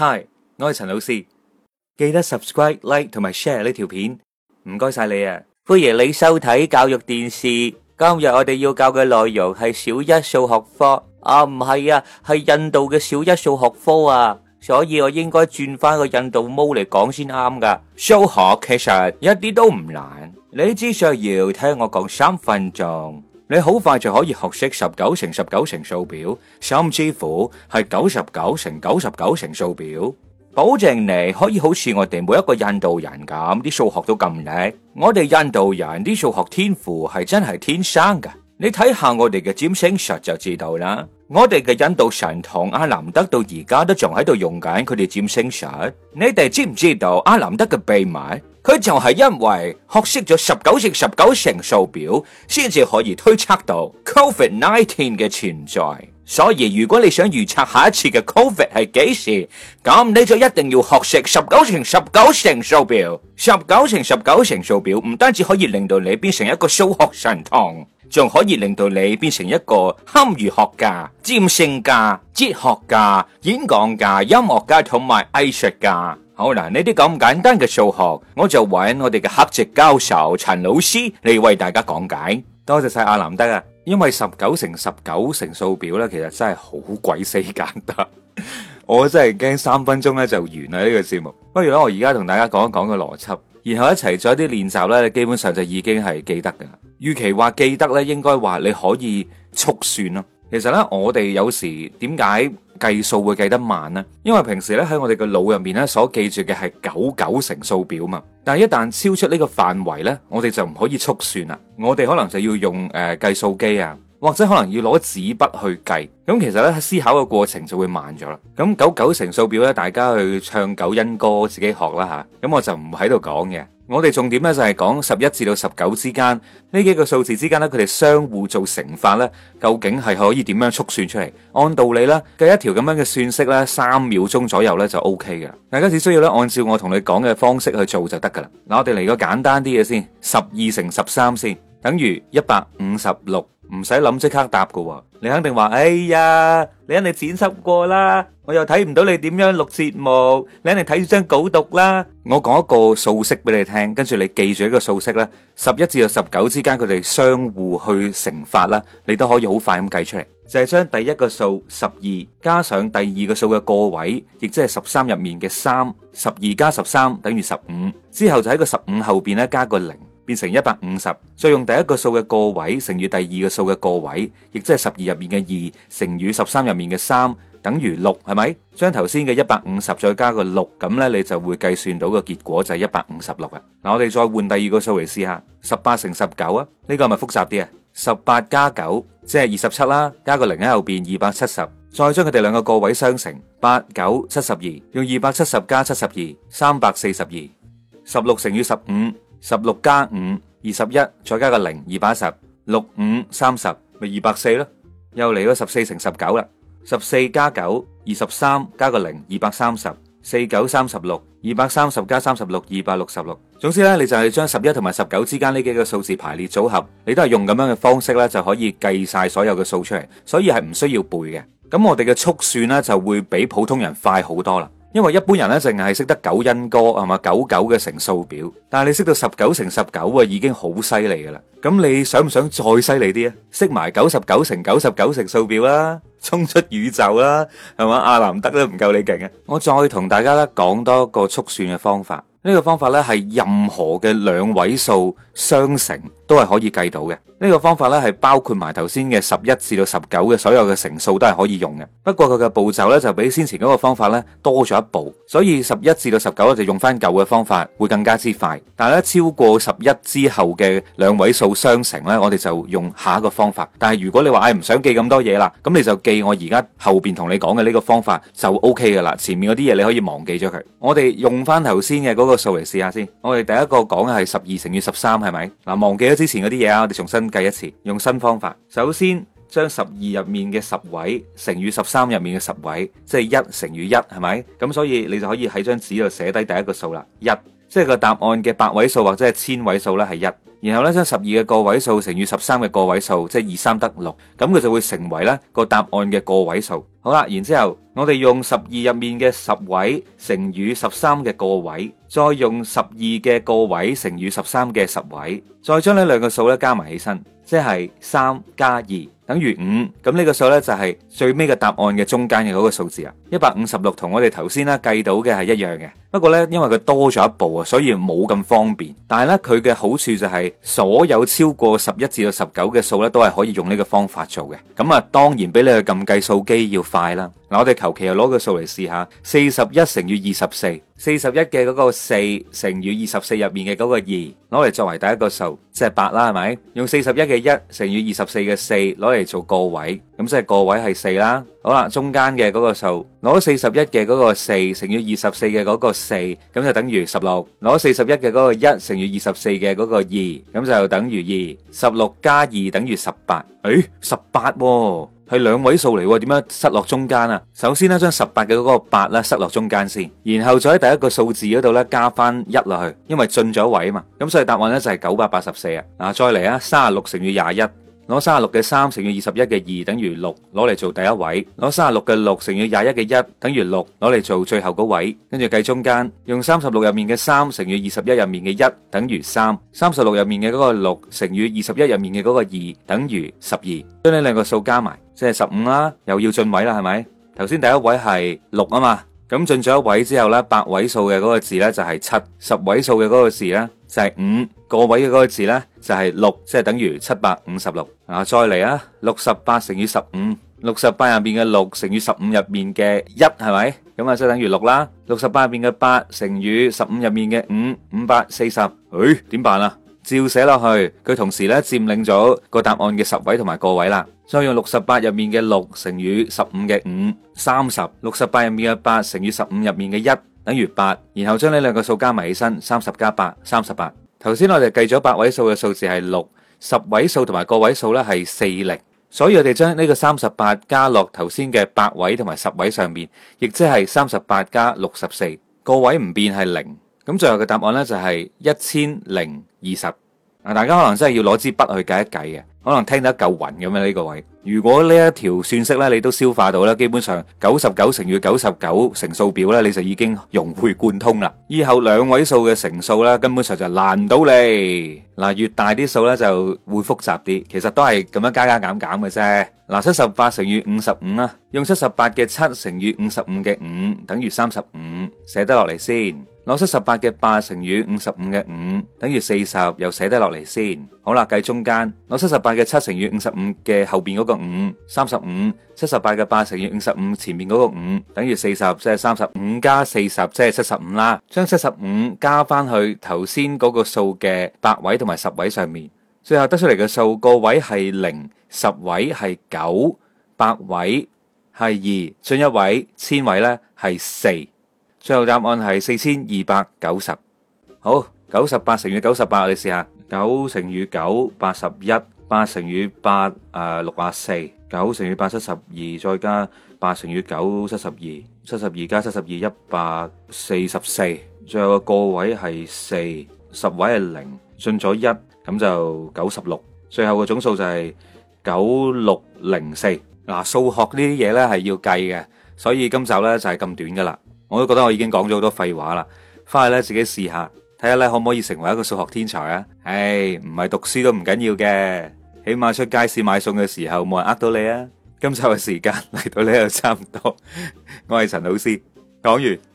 Hi，我係陳老師，記得 subscribe、like 同埋 share 呢條片，唔該晒你啊。歡迎你收睇教育電視。今日我哋要教嘅內容係小一數學科啊，唔係啊，係印度嘅小一數學科啊，所以我應該轉翻個印度毛嚟講先啱噶。數學其實一啲都唔難，你只需要聽我講三分鐘。你好快就可以學識十九乘十九乘數表，甚至乎係九十九乘九十九乘數表，保證你可以好似我哋每一個印度人咁啲數學都咁叻。我哋印度人啲數學天賦係真係天生㗎。你睇下我哋嘅占星術就知道啦。我哋嘅印度神童阿南德到而家都仲喺度用緊佢哋占星術。你哋知唔知道阿南德嘅秘密？佢就係因為學識咗十九乘十九乘數表，先至可以推測到 Covid Nineteen 嘅存在。所以如果你想預測下一次嘅 Covid 係幾時，咁你就一定要學識十九乘十九乘數表。十九乘十九乘數表唔單止可以令到你變成一個數學神童。仲可以令到你變成一個堪輿學家、占星家、哲學家、演講家、音樂家同埋藝術家。好啦，呢啲咁簡單嘅數學，我就揾我哋嘅客席教授陳老師嚟為大家講解。多謝晒阿南德啊，因為十九乘十九乘數表咧，其實真係好鬼死簡單。我真係驚三分鐘咧就完啦呢個節目，不如咧我而家同大家講一講個邏輯。然後一齊做一啲練習呢，基本上就已經係記得噶啦與其話記得呢，應該話你可以速算咯。其實呢，我哋有時點解計數會計得慢呢？因為平時呢，喺我哋嘅腦入面呢，所記住嘅係九九乘數表嘛。但係一旦超出呢個範圍呢，我哋就唔可以速算啦。我哋可能就要用誒、呃、計數機啊。或者可能要攞紙筆去計咁，其實咧思考嘅過程就會慢咗啦。咁九九乘數表咧，大家去唱九因歌，自己學啦吓。咁我就唔喺度講嘅。我哋重點咧就係講十一至到十九之間呢幾個數字之間咧，佢哋相互做乘法咧，究竟係可以點樣速算出嚟？按道理咧，計一條咁樣嘅算式咧，三秒鐘左右咧就 OK 嘅啦。大家只需要咧按照我同你講嘅方式去做就得㗎啦。嗱，我哋嚟個簡單啲嘅先，十二乘十三先，等於一百五十六。唔使諗即刻答噶，你肯定話：哎呀，你肯定剪輯過啦，我又睇唔到你點樣錄節目，你肯定睇住張稿讀啦。我講一個數式俾你聽，跟住你記住一個數式啦，十一至到十九之間，佢哋相互去乘法啦，你都可以好快咁計出嚟，就係將第一個數十二加上第二個數嘅個位，亦即係十三入面嘅三，十二加十三等於十五，之後就喺個十五後邊咧加個零。變成一百五十，再用第一個數嘅個位乘以第二個數嘅個位，亦即係十二入面嘅二乘以十三入面嘅三，等於六，係咪？將頭先嘅一百五十再加個六，咁呢你就會計算到個結果就係一百五十六啊！嗱，我哋再換第二個數嚟試下，十八乘十九啊，呢個係咪複雜啲啊？十八加九即係二十七啦，加個零喺後邊二百七十，再將佢哋兩個個位相乘，八九七十二，用二百七十加七十二，三百四十二。十六乘以十五。十六加五，二十一，5, 21，再加個零，二百一十，六五三十，咪二百四咯。又嚟咗十四乘十九啦，十四加九，二十三，加個零，二百三十，四九三十六，二百三十加三十六，二百六十六。總之咧，你就係將十一同埋十九之間呢幾個數字排列組合，你都係用咁樣嘅方式咧就可以計晒所有嘅數出嚟，所以係唔需要背嘅。咁我哋嘅速算咧就會比普通人快好多啦。因為一般人咧淨係識得九因歌係嘛，九九嘅乘數表，但係你識到十九乘十九啊，已經好犀利噶啦咁你想唔想再犀利啲啊？識埋九十九乘九十九乘數表啦，衝出宇宙啦，係嘛？阿南德都唔夠你勁啊！ 我再同大家咧講多一個速算嘅方法。呢個方法呢，係任何嘅兩位數相乘都係可以計到嘅。呢個方法呢，係包括埋頭先嘅十一至到十九嘅所有嘅乘數都係可以用嘅。不過佢嘅步驟呢，就比先前嗰個方法呢多咗一步，所以十一至到十九咧就用翻舊嘅方法會更加之快。但係咧超過十一之後嘅兩位數相乘呢，我哋就用下一個方法。但係如果你話唉唔想記咁多嘢啦，咁你就記我而家後邊同你講嘅呢個方法就 OK 噶啦。前面嗰啲嘢你可以忘記咗佢。我哋用翻頭先嘅嗰個數嚟試下先，我哋第一個講嘅係十二乘以十三，係咪？嗱，忘記咗之前嗰啲嘢啊，我哋重新計一次，用新方法。首先將十二入面嘅十位乘以十三入面嘅十位，即係一乘以一，係咪？咁所以你就可以喺張紙度寫低第一個數啦，一，即係個答案嘅百位數或者係千位數咧，係一。然後咧，將十二嘅個位數乘以十三嘅個位數，即係二三得六，咁佢就會成為呢個答案嘅個位數。好啦，然之後我哋用十二入面嘅十位乘以十三嘅個位，再用十二嘅個位乘以十三嘅十位，再將呢兩個數咧加埋起身，即係三加二等於五，咁呢個數咧就係最尾嘅答案嘅中間嘅嗰個數字啊。一百五十六同我哋頭先咧計到嘅係一樣嘅，不過呢，因為佢多咗一步啊，所以冇咁方便。但係呢，佢嘅好處就係、是、所有超過十一至到十九嘅數咧都係可以用呢個方法做嘅。咁啊，當然比你去撳計數機要快啦。嗱、啊，我哋求其又攞個數嚟試下，四十一乘以二十四。四十一嘅嗰個四乘以二十四入面嘅嗰個二，攞嚟作為第一個數，即係八啦，係咪？用四十一嘅一乘以二十四嘅四，攞嚟做個位。咁即係個位係四啦，好啦，中間嘅嗰個數，攞四十一嘅嗰個四乘以二十四嘅嗰個四，咁就等於十六。攞四十一嘅嗰個一乘以二十四嘅嗰個二，咁就等於二。十六加二等於十八。誒、欸，十八係兩位數嚟，點樣塞落中間啊？首先呢，將十八嘅嗰個八咧塞落中間先，然後再喺第一個數字嗰度咧加翻一落去，因為進咗位啊嘛。咁所以答案咧就係九百八十四啊。啊，再嚟啊，三十六乘以廿一。攞卅六嘅三乘以二十一嘅二，等於六，攞嚟做第一位；攞卅六嘅六乘以廿一嘅一，等於六，攞嚟做最後嗰位。跟住計中間，用三十六入面嘅三乘以二十一入面嘅一，等於三；三十六入面嘅嗰個六乘以二十一入面嘅嗰個二，等於十二。將呢兩個數加埋，即係十五啦。又要進位啦，係咪？頭先第一位係六啊嘛，咁進咗一位之後咧，百位數嘅嗰個字咧就係七，十位數嘅嗰個字咧就係五，個位嘅嗰個字咧。就係六，即係等於七百五十六。啊，再嚟啊，六十八乘以十五，六十八入面嘅六乘以十五入面嘅一，係咪？咁啊，即係等於六啦。六十八入面嘅八乘以十五入面嘅五，五百四十。誒，點辦啊？照寫落去，佢同時咧佔領咗個答案嘅十位同埋個位啦。再用六十八入面嘅六乘以十五嘅五，三十。六十八入面嘅八乘以十五入面嘅一，等於八。然後將呢兩個數加埋起身，三十加八，三十八。頭先我哋計咗百位數嘅數字係六，十位數同埋個位數咧係四零，所以我哋將呢個三十八加落頭先嘅百位同埋十位上面，亦即係三十八加六十四，個位唔變係零，咁最後嘅答案呢就係一千零二十。啊，大家可能真係要攞支筆去計一計嘅，可能聽得夠暈咁樣呢個位。如果呢一條算式咧，你都消化到啦，基本上九十九乘以九十九乘數表咧，你就已經融會貫通啦。以後兩位數嘅乘數咧，根本上就難到你。嗱，越大啲數咧就會複雜啲，其實都係咁樣加加減減嘅啫。嗱、啊，七十八乘以五十五啦，用七十八嘅七乘以五十五嘅五，等於三十五，寫得落嚟先。攞七十八嘅八乘以五十五嘅五，等於四十，又寫得落嚟先。好啦，計中間，攞七十八嘅七乘以五十五嘅後邊嗰個五，三十五；七十八嘅八乘以五十五前面嗰個五，等於四十，即係三十五加四十，即係七十五啦。將七十五加翻去頭先嗰個數嘅百位同埋十位上面，最後得出嚟嘅數個位係零，十位係九，百位係二，進一位，千位咧係四。最後答案係四千二百九十。好，九十八乘以九十八，你試下，九乘以九八十一，八乘以八誒六十四，九乘以八七十二，再加八乘以九七十二，七十二加七十二一百四十四。最後個個位係四，十位係零，進咗一，咁就九十六。最後個總數就係九六零四。嗱，數學呢啲嘢咧係要計嘅，所以今集咧就係咁短㗎喇。我都覺得我已經講咗好多廢話啦，翻去咧自己試下，睇下咧可唔可以成為一個數學天才啊？唉、哎，唔係讀書都唔緊要嘅，起碼出街市買餸嘅時候冇人呃到你啊！今集嘅時間嚟到呢度差唔多， 我係陳老師，講完。